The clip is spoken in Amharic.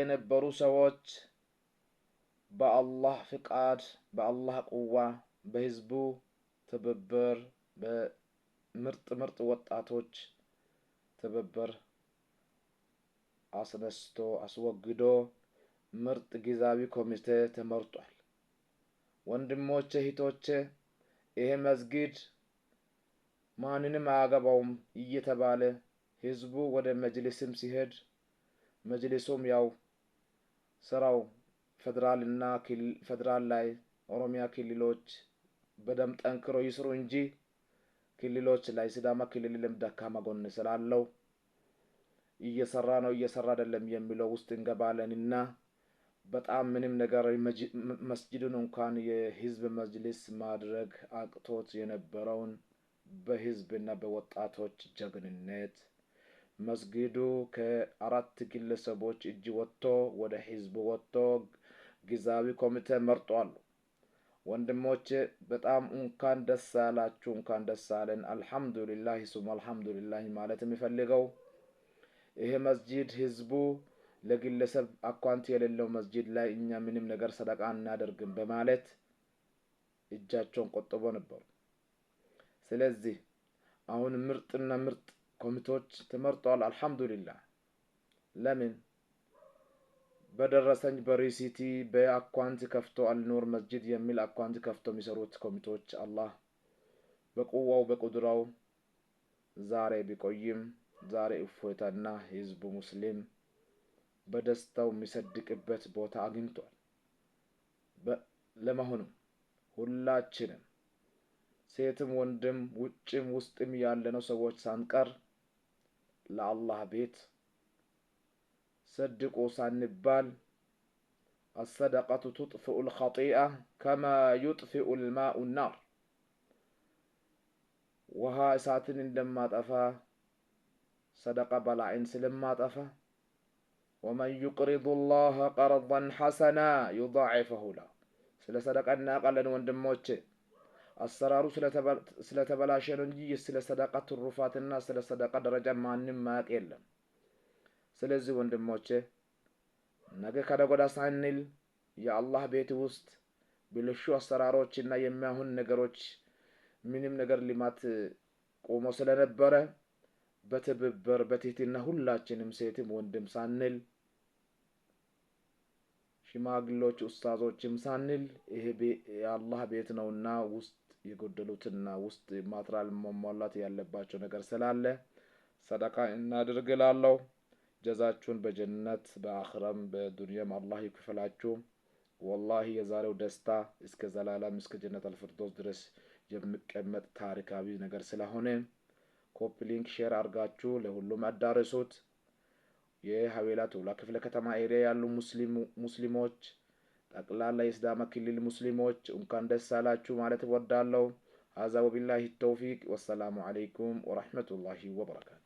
የነበሩ ሰዎች በአላህ ፍቃድ፣ በአላህ ቁዋ፣ በህዝቡ ትብብር፣ በምርጥ ምርጥ ወጣቶች ትብብር አስነስቶ አስወግዶ ምርጥ ጊዜያዊ ኮሚቴ ተመርጧል። ወንድሞቼ እህቶቼ፣ ይሄ መስጊድ ማንንም አያገባውም እየተባለ ህዝቡ ወደ መጅልስም ሲሄድ መጅሊሱም ያው ስራው ፌዴራል እና ፌደራል ላይ ኦሮሚያ ክልሎች በደም ጠንክሮ ይስሩ እንጂ ክልሎች ላይ ሲዳማ ክልልም ደካማ ጎን ስላለው እየሰራ ነው እየሰራ አይደለም የሚለው ውስጥ እንገባለንና በጣም ምንም ነገር መስጅድን እንኳን የህዝብ መጅሊስ ማድረግ አቅቶት የነበረውን በህዝብና በወጣቶች ጀግንነት መስጊዱ ከአራት ግለሰቦች እጅ ወጥቶ ወደ ህዝብ ወጥቶ ጊዜያዊ ኮሚቴ መርጧል። ወንድሞች በጣም እንኳን ደስ አላችሁ፣ እንኳን ደስ አለን። አልሐምዱሊላህ ሱም አልሐምዱሊላህ ማለት የሚፈልገው ይሄ መስጂድ ህዝቡ ለግለሰብ አኳንት የሌለው መስጂድ ላይ እኛ ምንም ነገር ሰደቃ እናደርግም በማለት እጃቸውን ቆጥቦ ነበሩ። ስለዚህ አሁን ምርጥና ምርጥ ኮሚቴዎች ተመርጠዋል። አልሐምዱሊላህ ለምን በደረሰኝ በሪሲቲ በአኳንት ከፍቶ አልኖር መስጂድ የሚል አኳንት ከፍቶ የሚሰሩት ኮሚቴዎች አላህ በቁዋው በቁድራው ዛሬ ቢቆይም ዛሬ እፎይታና ህዝቡ ሙስሊም በደስታው የሚሰድቅበት ቦታ አግኝቷል። ለመሆኑ ሁላችንም ሴትም ወንድም ውጭም ውስጥም ያለነው ሰዎች ሳንቀር بيت ለአላህ ቤት ሰድቁ ሳንባል አሰደቀቱ ቱጥፍኡ ልኸጢአ ከማ ዩጥፍኡ ልማኡ ናር ውሃ እሳትን እንደማጠፋ صدق بلعين سلم طفى ومن يقرض الله قرضا حسنا يضاعفه له سلا صدق أن أقل أن አሰራሩ ስለተበላሸ ነው እንጂ ስለ ሰደቃ ትሩፋትና ስለ ሰደቃ ደረጃ ማንም ማያውቅ የለም። ስለዚህ ወንድሞቼ ነገ ከደጎዳ ሳንል የአላህ ቤት ውስጥ ብልሹ አሰራሮችና የሚያሁን ነገሮች ምንም ነገር ልማት ቆሞ ስለነበረ በትብብር በትህትና ሁላችንም ሴትም ወንድም ሳንል ሽማግሎች ኡስታዞችም ሳንል ይሄ የአላህ ቤት ነውና ውስጥ የጎደሉትና ውስጥ ማትራል መሟላት ያለባቸው ነገር ስላለ ሰደቃ እናድርግ ጀዛችሁን በጀነት በአክረም በዱንያም አላህ ይክፍላችሁ። ወላሂ የዛሬው ደስታ እስከ ዘላለም እስከ ጀነት አልፍርዶስ ድረስ የሚቀመጥ ታሪካዊ ነገር ስለሆነ ኮፒ ሊንክ ሼር አድርጋችሁ ለሁሉም አዳረሱት። የሀዌላ ቱላ ክፍለ ከተማ ኤሪያ ያሉ ሙስሊሞች ጠቅላላ የስዳማ ክልል ሙስሊሞች እንኳን ደስ አላችሁ ማለት እወዳለሁ። ሀዛ ወቢላሂ ተውፊቅ ወሰላሙ አለይኩም ወረሕመቱላሂ ወበረካቱ።